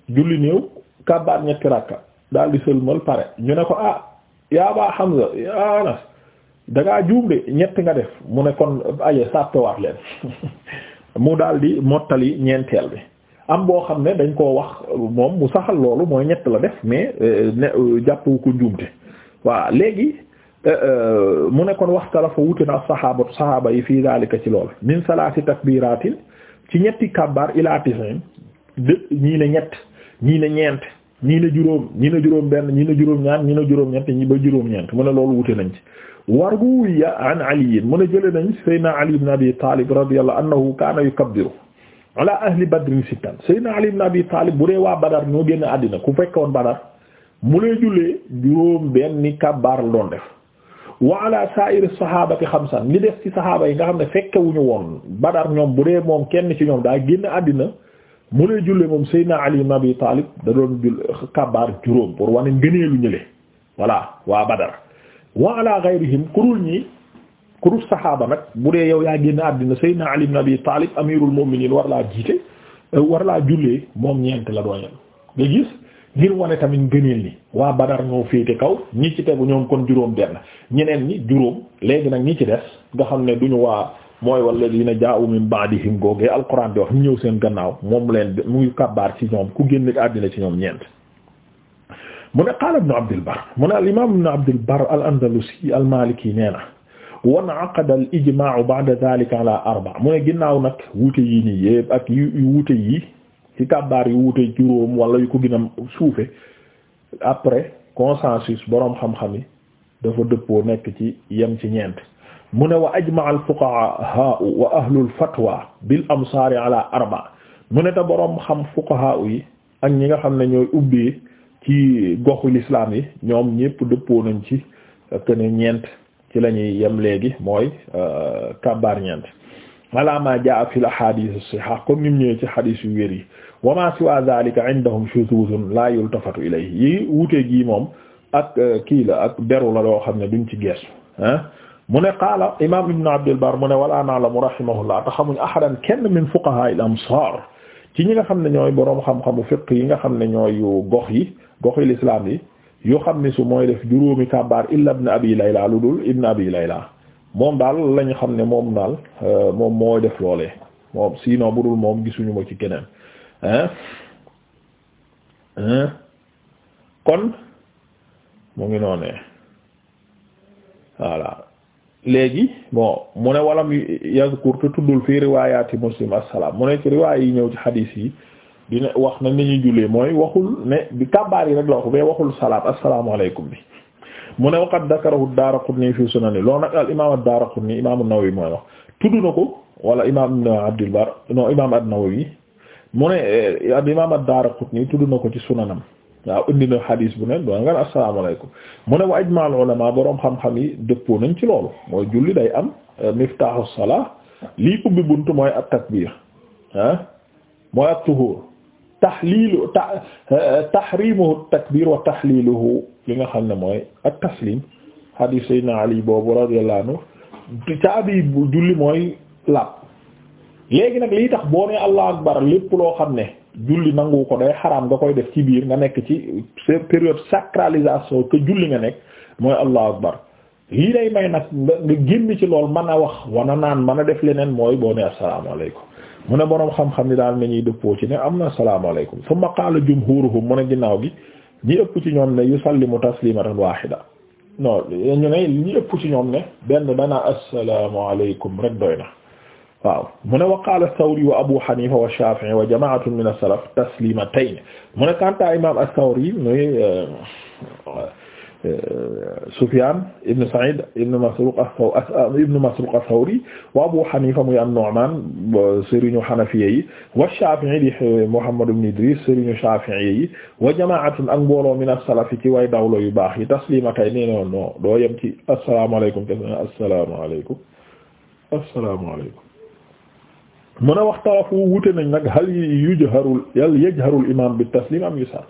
julli néew kabbaar ñetti rakka daal di sëlmal pare ñu ne ko ah yaa ba Hamza Anas dangaa juum de ñett nga def mu ne kon aye sàppewaat leen mu daal di mottali ñeenteel bi am boo xam ne dañ koo wax moom mu saxal loolu mooy ñett la def mais euh, ne euh, jàppu ko njuumte waaw léegi euh, mu ne kon waxtala fa wuti na ak saxaabatu saxaaba yi fii daalika ci lool min salaati takbiraatin ci ñetti kabaar ilaa tisin de ñii ne ñett ñii ne ñeent ñii ne juróom ñii ne juróom benn ñii ne juróom ñaar ñii ne juróom ñi ba juróom ñeent mu ne loolu wuti nañ ci warwiya an ali mu ne jële nañ saydna ali ibn abi talib radiyallahu anhu kaana yukabbiru ala ahli badrin sittan saydna ali ibn abi talib bu dee waa badar ñoo génn àddina ku fekkoon badar mu lay jullee juróom benni kabbaar la doon def wa ala sa'iri sahabati xamsan li def ci sahaaba yi nga xam ne fekkewuñu woon badar ñoom bu dee moom kenn ci ñoom daa génn àddina mu lay jullee moom saydna ali ibn abi talib da doon jull kabbaar juróom pour wane ngëneelu ñële voilà waa wa ala ghayrihim kurul ñi kurul saxaaba nag bu dee yow yaa génn àddina na Ali ibn Abi Talib amirul mu'minin war laa jiite war laa jullee moom ñeent la doon nga gis ngir wane tamit ngëneel ni waa Badar ñoo féete kaw ñi ci tegu ñoom kon juróom benn ñeneen ñi juróom léegi nag ñi ci des nga xam ne duñu waa mooy walladina jaa'u min ba'dihim googee alquran di wax ñu ñëw seen gannaaw moom leen muy kabaar ci ñoom ku génn àddina ci ñoom ñeent. mu ne qaala ibnu Abdil Barr mu ne al imaam ibnu Abdil Barr al andalusi al maliki nee na wan aqada al ijmaa ba'da dhalika ala arba' mu ne ginnaaw nag wuute yi nii yëpp ak yu wuute yi ci kàbbaar yu wuute juróom wala yu ko gën a suufe après consensus boroom xam-xam yi dafa dëppoo nekk ci yem ci ñeent mu ne wa ajmaa al fuqahaa wa ahlul fatwa bil amsaari arba' mu ne te boroom xam fuqahaa yi ak ñi nga xam ne ñooy ubbee ci goxu l'islam yi ñoom ñépp dëppoo nañ ci euh, que ne ñeent ci la ñuy yem léegi mooy euh, kabaar ñeent ala ma jaa fi a ahadith as-sahih comme ni mu ci hadith yu wér yi wa ma siwa dhalika indahum shuzuzun la yultafatu ilayhi yi wuute gi moom ak euh, kii la ak beru la loo xam ne duñ ci geesu mu ne qaala imam ibn abd al-bar mu ne wala na'lamu rahimahullah te xamuñ ahadan kenn min fuqaha am amsar ci ñi nga xam ne ñooy boroom xam-xamu fiqh yi nga xam ne ñooy gox yi gox yi lislaam yi yoo xam ne su mooy def juróomi kàbbaar illa ibn abi layla lu dul ibn abi layla moom daal lañ xam ne moom daal euh, moom mooy def loolee moom sinon bu dul moom gisuñu ma ci keneen kon mu ngi noonee voilà léegi bon mu ne walam yazkur te tuddul fii riwayati muslim assalam mu ne ci riwaay yi ñëw ci xadiis yi dina wax na ni ñuy jullee mooy waxul ne bi kabaar yi rek la wax mais waxul salaat asalaamaaleykum bi mu ne waqad dakarahu ad-Daraqutni fi sunani loolu nag al imam ad-Daraqutni imam an-Nawawi mooy wax tudd na ko wala imam ibn Abdul Bar non imam an-Nawawi mu ne eh, al imam tudd na ko ci sunanam waaw indi na xadiis bu ne doon nga ne asalaamaaleykum mu ne wa ajmaal ulama boroom xam-xam yi dëppoo nañ ci loolu mooy julli day am euh, miftaahu salaa lii ubbi bunt mooy at takbiir ah mooy at tuhuur tahliilu euh, takbiir wa tahliiluhu li nga xam ne mooy at tasliim xadiis Seydina Ali boobu radiyallahu anhu caabi bu julli mooy laab léegi nag lii tax boo ne allah akbar lépp loo xam ne. julli nangu ko day xaraam nga koy def ci biir nga nekk ci période sacralisation que julli nga nekk mooy allahu akbar lii day may nag nga nga génn ci lool man a wax wana naan man a def leneen mooy boo ne asalaamaaleykum mu ne boroom xam-xam ni daal na ñuy dëppoo ci ne am na asalaamaaleykum summa qaala jumhuruhum mu ne ginnaaw gi ñi ëpp ci ñoom ne yusallimu taslimatan wahida non ñu ne ñi ëpp ci ñoom ne benn dana asalaamaaleykum rek doy na waaw mu ne wa qaala Thawri wa Abu Hanifa wa Shafi'i wa jama'atun min as-salaf taslimatayn mu ne kanta imam ath-Thawri muy euh, euh, Sufyan ibn Sa'id ibn Masruq euh, ibn Masruq ath-Thawri wa Abu Hanifa muy an-Nu'man sëriñu Hanafiyya yi wa Shafi'i di Muhammad ibn Idris sëriñu Shafi'iyya yi wa jama'atun ak mbooloo min as-salaf ci way dawlo yu baax yi taslimatayn nee non non doo yem ci asalaamaaleykum te asalaamaaleykum asalaamaaleykum mën a waxtalafu wute nañ nag hal yujharul hal yajharul imam bi taslim am yusar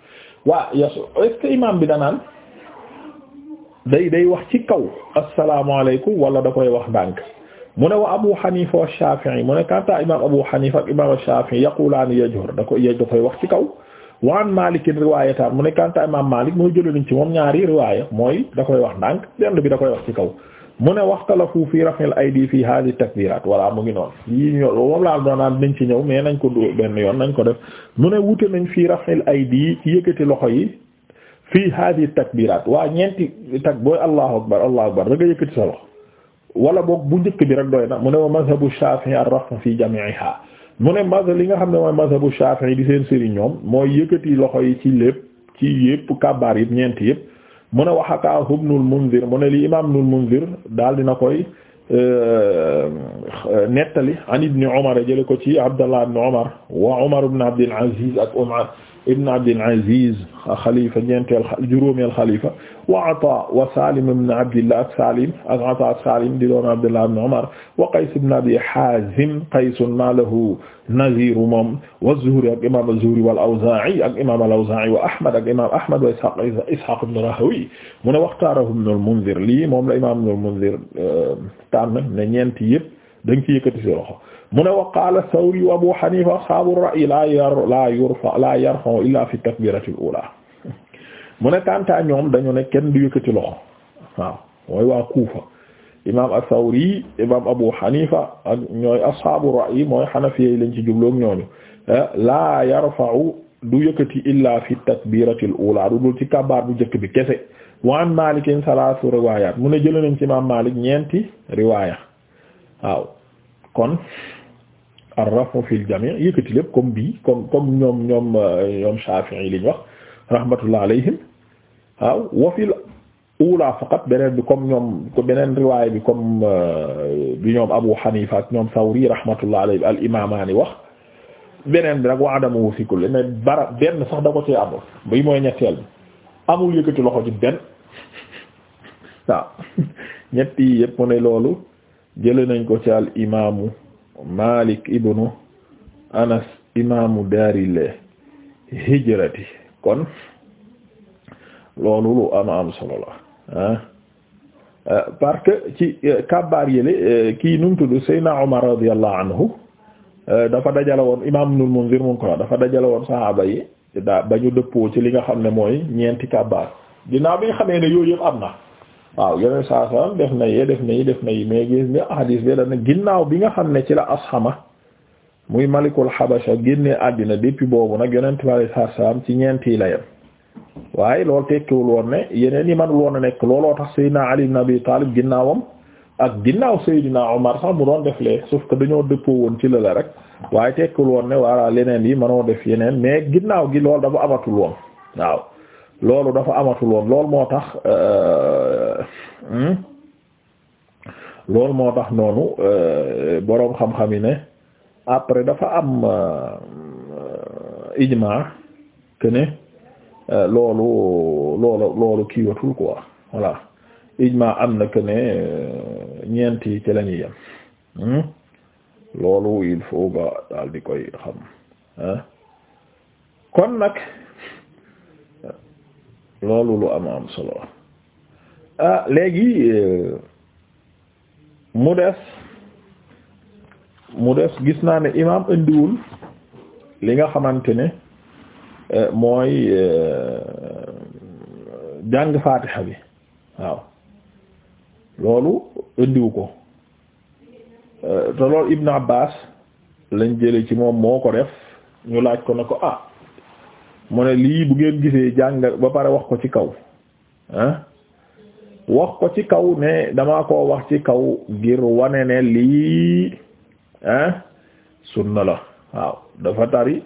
waa yasu est ce que imam bi danaan day day wax ci kaw asalaamaaleykum wala da koy wax ndànk mu ne wa Abu Hanifa wa Shafi'i mu ne kanta imam Abu Hanifa ak imam Shafi'i yaqulaani yajhar da koy da koy wax ci kaw wa an Malik riwaayataan mu ne kanta imam Malik mooy jëlee nañ ci moom ñaari riwaaya mooy da koy wax ndànk benn bi da koy wax ci kaw mu ne waxtalafu fi raf'il aydi fi hadhihi takbiraat voilà mu ngi noonu yii ño moom laal doonaan nañ ci ñëw mais nañ ko du benn yoon nañ ko def mu ne wute nañ fi raf'il aydi ci yëkkati loxo yi fi hadhihi takbiraat waa ñeenti tak booy allahu akbar allahu akbar da nga yëkkati sa loxo wala boog bu njëkk bi rek doy na mu ne wa mazhabu shafi'i ar-raf'u fi jami'iha mu ne mazhab li nga xam ne mooy mazhabu shafi'i di seen sëriñ ñoom mooy yëkkati loxo yi ci lépp ci yëpp kabaar yépp ñeenti yëpp mu ne wax akaa Ibnul Munzir mu ne li imaam Ibnul Munzir daal dina koy euh, nettali an Ibni Umar jële ko ci Abdallah ibn Umar wa Umar ibn Abdul Aziz ak Umar ibn Abdul Aziz xalifa ñeenteel juróomeel xalifa wa Ata wa Salim ibn Abdillah ak Salim ak Ata ak Salim di doon Abdullah ibn Umar wa Qays ibn Abi Hazim Qaysun ma lahu naziru moom wa Zuhri ak imam az-Zuhri wal Awza'i ak imam al-Awza'i wa Ahmad ak imam Ahmad wa Ishaq Ishaq ibn Rahawi mu ne waxtaarahu ibn al-Mundhir lii moom la imam ibn al-Mundhir euh, tànn ne ñeenti yëpp dañ ci yëkkati ci loxo mu ne wa qaala Sawri wa Abu Hanifa ashaabu ra'yi laa yar laa yarfa illaa fi takbiirati al mu ne Kantaa ñoom dañu ne kenn du yëkkati loxo waaw mooy waa Kuufa imaam Abu Hanifa ashaabu ra'yi mooy Hanafiya yi lañ ci jublu ak ñooñu eh, laa yarfa'u du yëkkati illa fi takbiirati al du dul ci kabaar bu njëkk bi kese wa an Maalik salaasu riwaayaat mu ne jëlee nañ ci imaam Maalik ñeenti riwaaya waaw kon. ar-rafu fil jami' yëkkati lépp comme bii comme comme ñoom ñoom euh, ñoom Shafi'i li ñu wax rahmatullah alayhim waaw wa fil ula beneen bi comme ñoom beneen riwaay bi comme euh, bi ñoom Abu Hanifa ñoom Thawri rahmatullah alayhi al wax beneen bi nag wa adamu fi kulli ne bara benn sax da ko ci amul bi mooy ñetteel bi amul yëkkati loxo ci benn waaw ñett yi yëpp mu ne loolu jële nañ ko ci al Malik ibnu Anas imaamu daaril hijrati kon loolu lu am am solo la ah eh, parce que ci eh, kabbaar yële eh, kii nu mu tudd Seydina Omar radiyallahu anhu dafa dajale woon imaam Ibnul Munzir mu ngi ko dafa dajale woon saxaaba yi daa ba ñu dëppoo ci li nga xam ne mooy ñeenti kabbaar ginnaaw bi nga xamee ne yooyu yëpp am na. waaw yeneen saa def na yee na yi def na yi mais gis nga hadis bi dana ginnaaw bi nga xam ne ci la asxama muy malikul xabasha génne àddina depuis boobu nag yonent bi alayhi salaatu salaam ci ñeenti la yem waaye lool tekkiwul woon ne yeneen yi manul woon a nekk looloo tax Seydina Ali ibn Abi Taalib ginnaawam ak ginnaaw Seydina Omar sax mu doon def lee sauf que dañoo dëppoo woon ci la la rek waaye tekkiwul woon ne walla leneen yi mënoo def yeneen mais ginnaaw gi loolu dafa amatul woon waaw loolu dafa amatul woon lool moo tax euh, hmm? loolu moo tax noonu euh, boroom xam-xam yi ne après dafa am euh, ijmaa que ne loolu loolu loolu kiiwatul quoi voilà ijmaa am na que ne ñeenti ci la ñuy hmm? loolu il faut ba daal di koy xam kon nag. loolu lu am am solo ah léegi euh, mu des mu des gis naa ne imaam indiwul li nga xamante ne euh, mooy euh, jàng faatiha bi waaw loolu indiwu ko te loolu Ibn Abbas lañ jële ci moom moo ko def ñu laaj ko ne ko ah mu ne lii bu ngeen gisee jàng ba pare wax ko ci kaw ah, wax ko ci kaw ne damaa koo wax ci kaw ngir wane ne lii ah sunna la waaw dafa tari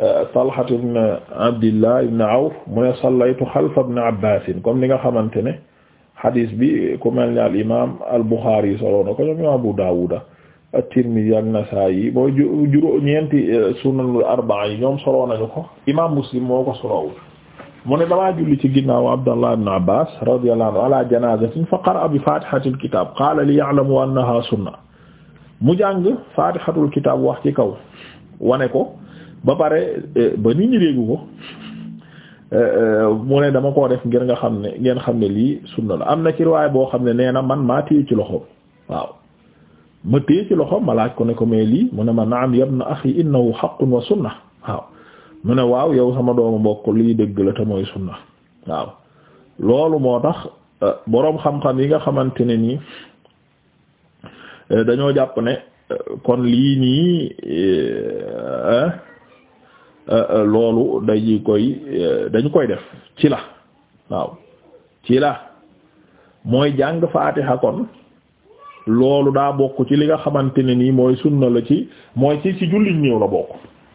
eh, Talha ibn Abdillah ibn Awf mu ne sallaytu xalfa ibn Abbas comme ni nga xamante ne xadiis bi ku mel ni al imaam al Buxaari solo na ko ñoom Abu Daawuda at-Tirmidhi ak Nasaa'i mooy juróom ñeenti euh, sunanul arbaa yi ñoom soloo nañu ko imaam Muslim moo ko solowul mu ne damaa julli ci ginnaaw Abdallah ibn Abbaas radiyallahu anhu ala janaazatin fa qara'a bi faatihatil kitaab qaala li ya'lamu annahaa sunna mu jàng faatihatul kitaab wax ci kaw wane ko ba pare euh, ba nit ñi dégg ko euh, mu ne dama koo def ngir nga xam ne ngeen xam ne lii sunna la am na ci boo xam ne nee na man maa téye ci loxo waaw ma téye ci loxo ma laaj ko ne ko mais lii mu ne ma naam yabna axi innahu haqqun wa sunna waaw mu ne waaw yow sama doomu mbokk lii dëgg la te mooy sunna waaw loolu moo tax euh, boroom xam-xam yi nga xamante ne nii euh, dañoo jàpp ne euh, kon lii nii loolu dañu koy dañu koy def ci la waaw ci la mooy jàng faatiha kon loolu daa bokk ci li nga xamante ne nii mooy sunna la ci mooy ci ci jullit néew la bokk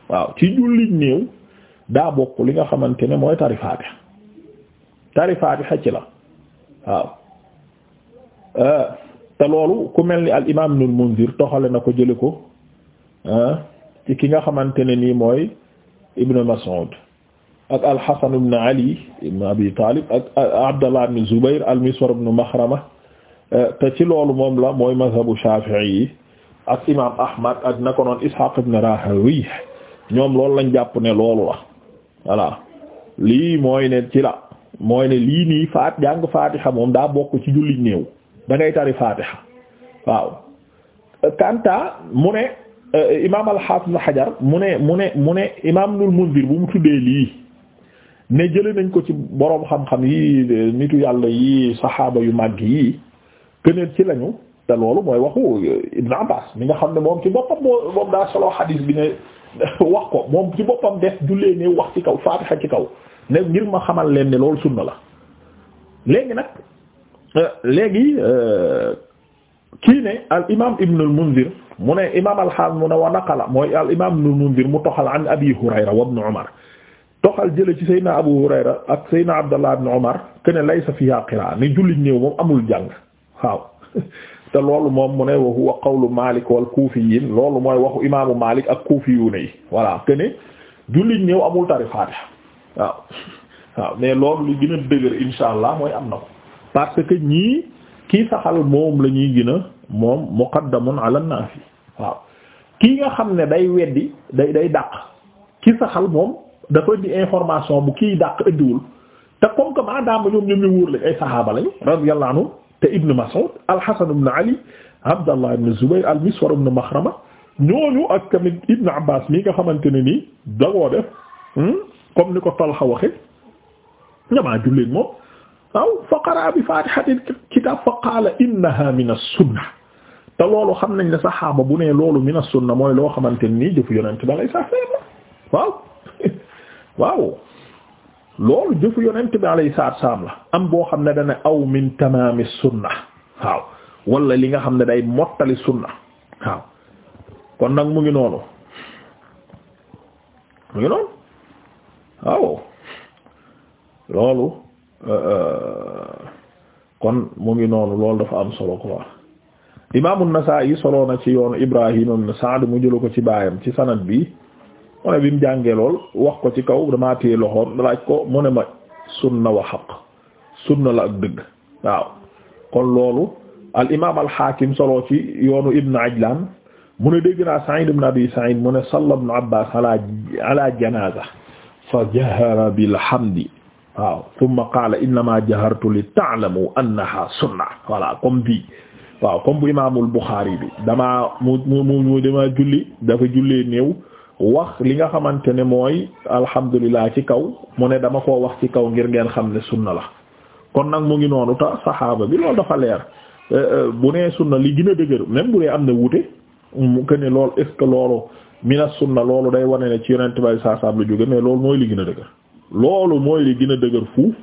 waaw ci jullit néew daa bokk li nga xamante ne mooy tari faatiha tari faatiha ci la waaw euh, te loolu ku mel ni al imaam Ibnul Munzir toxale na ko jële ko euh, ki nga xamante ne nii mooy Ibn Mas'ud ak al Hasan ibn Ali ibn Abi Talib ak Abdallah ibn Zubayr al Miswar ibn Makhrama te ci loolu moom la mooy mazhabu Shafi'i yi ak imam Ahmad ak na noon Ishaq ibn Rahawi ñoom loolu lañ jàpp ne loolu la voilà lii mooy ne ci la mooy ne lii nii faat jàng fatiha moom daa bokk ci julli néew da ngay tari fatiha waaw kanta mu ne euh, imam al-Hafiz Hajar mu ne mu ne mu ne imam bu mu tuddee lii ne jële nañ ko ci boroom xam-xam yi nitu yàlla yi saxaaba yu màgg yi keneen ci lañu te loolu mooy waxu Ibn Abbas mi nga xam ne moom ci boppam moo moom daa solo xadiis bi ne wax ko moom ci boppam def jullee ne wax ci kaw faatixa ci kaw ne ngir ma xamal leen ni loolu sunna la léegi nag euh, léegi euh, kii ne al imaam Ibn al Munzir mu ne imaam al xaal mu ne wa naqala mooy al imaam Ibn al Munzir mu toxal an Abi Hurayra wa Ibn Umar toxal jële ci Seydina Abu Hurayra ak Seydina Abdallah ibn Umar que ne laysa fiha qiraa ne jullit amul jàng. waaw te loolu moom mu ne wa huwa qawlu Malik wal kuufiyiin loolu mooy waxu imaamu Malik ak kuufiyuuna yi voilà que jullit ñëw amul tari faatiha waaw waaw mais loolu li gën a dëgër insha allah mooy am na ko parce que ñii kii saxal moom la ñuy gën a moom muqaddamun ala naafi waaw kii nga xam ne day weddi day day dàq kii saxal moom dafa indi information bu kii dàq indiwul te comme que maadaama ñoom ñoom ñu wóor lañ ay saxaaba lañ radiyallahu anhu te Ibn Mas'ud al-Hasan ibn Ali Abdallah ibn Zubayr al-Miswar ibn Makhrama ñooñu ak tamit Ibn Abbas mi nga xamante ne nii dagoo def hmm, comme ni ko Talha waxe ñamaa julleen moom waaw fa qaraa bi faatihatil kitaab fa qaala innaha min as-sunna te loolu xam nañ ne saxaaba bu ne loolu min as-sunna mooy loo xamante ne nii jëfu yonent balay sax waaw waaw loolu jëfu yonent bi alayhi salaatu la am boo xam ne dana aw min tamaami sunna waaw wala li nga xam ne day mottali sunna waaw kon nag mu ngi noonu mu ngi noonu waaw loolu euh, euh, kon mu ngi noonu loolu dafa am solo quoi imaamu Nasaa'i solo na ci yoonu Ibrahim ibn Sa'd mu jëlu ko ci baayam ci sanad bi mu ne bi mu jàngee lool wax ko ci kaw damaa téye loxoom laaj ko mu ne ma sunna wa xaq sunna la ak dëgg waaw kon loolu al imaam solo ci yoonu Ibn Ajlan mu ne dégg naa ibn Abi Sa'id mu ne ibn Abbas ala ala fa jahara bil hamdi waaw thumma qaala jahartu li ta'lamu annaha sunna voilà comme bi waaw damaa mu damaa julli dafa jullee néew. wax li nga xamante ne mooy alhamdulilah ci kaw mu ne dama koo wax ci kaw ngir ngeen xam ne sunna la kon nag mu ngi noonu ta saxaaba bi loolu dafa leer eh, eh, bu nee sunna li gën a dëgër même bu dee am na wuute mu que ne loolu est ce que loolu sunna loolu day wane ne ci yonent bay saasaab la jóge mais loolu mooy li gën a dëgër loolu mooy li gën a dëgër fuuf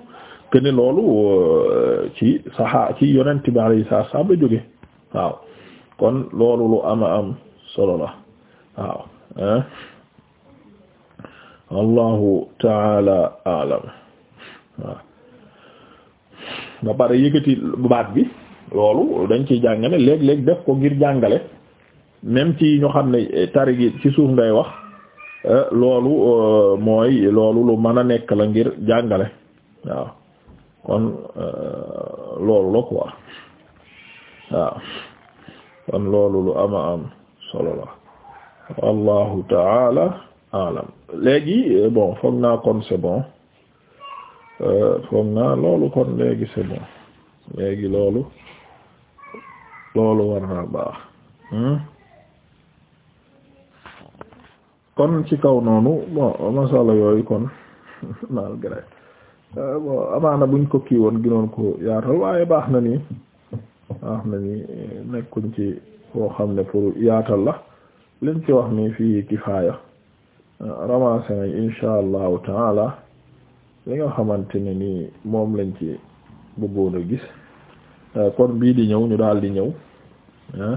que loolu euh, ci saxaa ci yonent bi saasaab la jóge waaw kon loolu lu ama am solo la waaw allahu taala alam waaw ba pare yëkkati baat bi loolu dañ ciy jàngale léeg-léeg def ko ngir jàngale même ci ñu xam ne tari gi ci suuf ngay wax eh, loolu euh, mooy loolu lu mën a nekk la ngir jàngale waaw kon euh, loolu la quoi waaw kon loolu lu ama am solo la wallahu taala alam léegi euh, bon foog naa kon c'est bon euh, foog naa loolu kon léegi c'est léegi loolu loolu war naa baax hmm? kon ci kaw noonu bon masala yooyu kon malgré euh, bon amaana buñ ko kii woon ginoon ko yaatal waaye baax na nii baax na nii nekkuñ ci foo xam ne pour yaatal la liñ ci wax nii fii kifaaya ramassé nañ insha allahu taala li nga xamante ne ni moom lañ ci bëggoon gis euh, kon bii di ñëw ñu daal di ñëw ah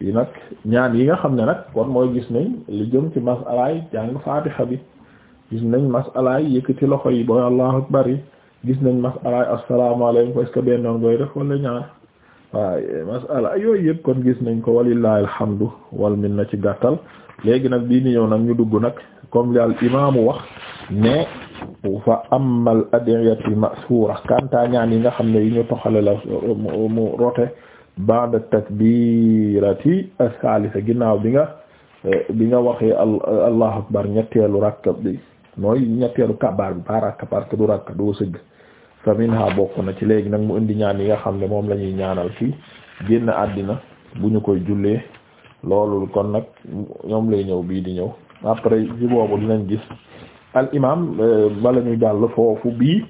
yi nag ñaan yi nga xam ne nag kon mooy gis nañ li jëm ci masalaay jàng faatixa bi gis nañ masalaay ci loxo yi booy allahu akbar yi gis nañ masalaay asalaamaaleykum est-ce que benn noon koy def wala waaye masala yooyu yëpp kon gis nañ ko walillahi alhamdu wal minna ci gàttal léegi nag bii ni ñëw nag ñu dugg nag comme li al imaamu wax ne fa amal adiyati masuura kanta ñaan yi nga xam ne yi ñu toxale la mu rote ba'da takbirati ginnaaw bi nga bi nga waxee allahu akbar ñetteelu rakka bi mooy ñetteelu kabar bi ba rakka parce que du rakka doo sëgg fa minha bokk na ci léegi nag mu indi ñaan nga xam ne moom la ñuy ñaanal fii génn àddina bu ñu koy jullee loolu kon nag ñoom lay ñëw bii di ñëw après ji boobu dinañ gis al imam euh, bala ñu jàll foofu bii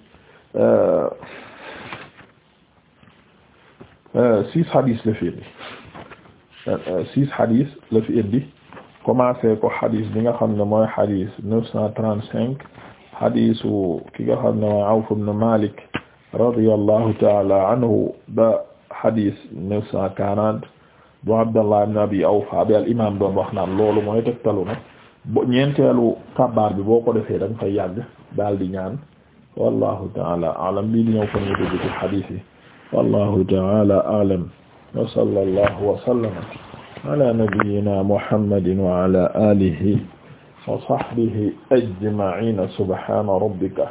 euh, euh, six hadis la fi indi six hadis la fi indi commencé ko hadis bi nga xam ne mooy hadis neuf cent trente-cinq hadisu ki nga xam ne mooy Awf ibn Malik radiyallahu ta'ala anhu ba hadis neuf cent quarante bu Abdallah ibn Abi Awfa bi al imaam doon wax naan loolu mooy tegtalu ne bu ñeenteelu kabaar bi boo ko defee da nga fay yàgg daal di ñaan wallahu taala alam bii di ñëw fa ñu dugg ci xadiis yi wallahu taala alam wa sallallahu wa sallama ala nabiyyina muhammadin wa ala alihi wa sahbihi ajma'ina subhana rabbika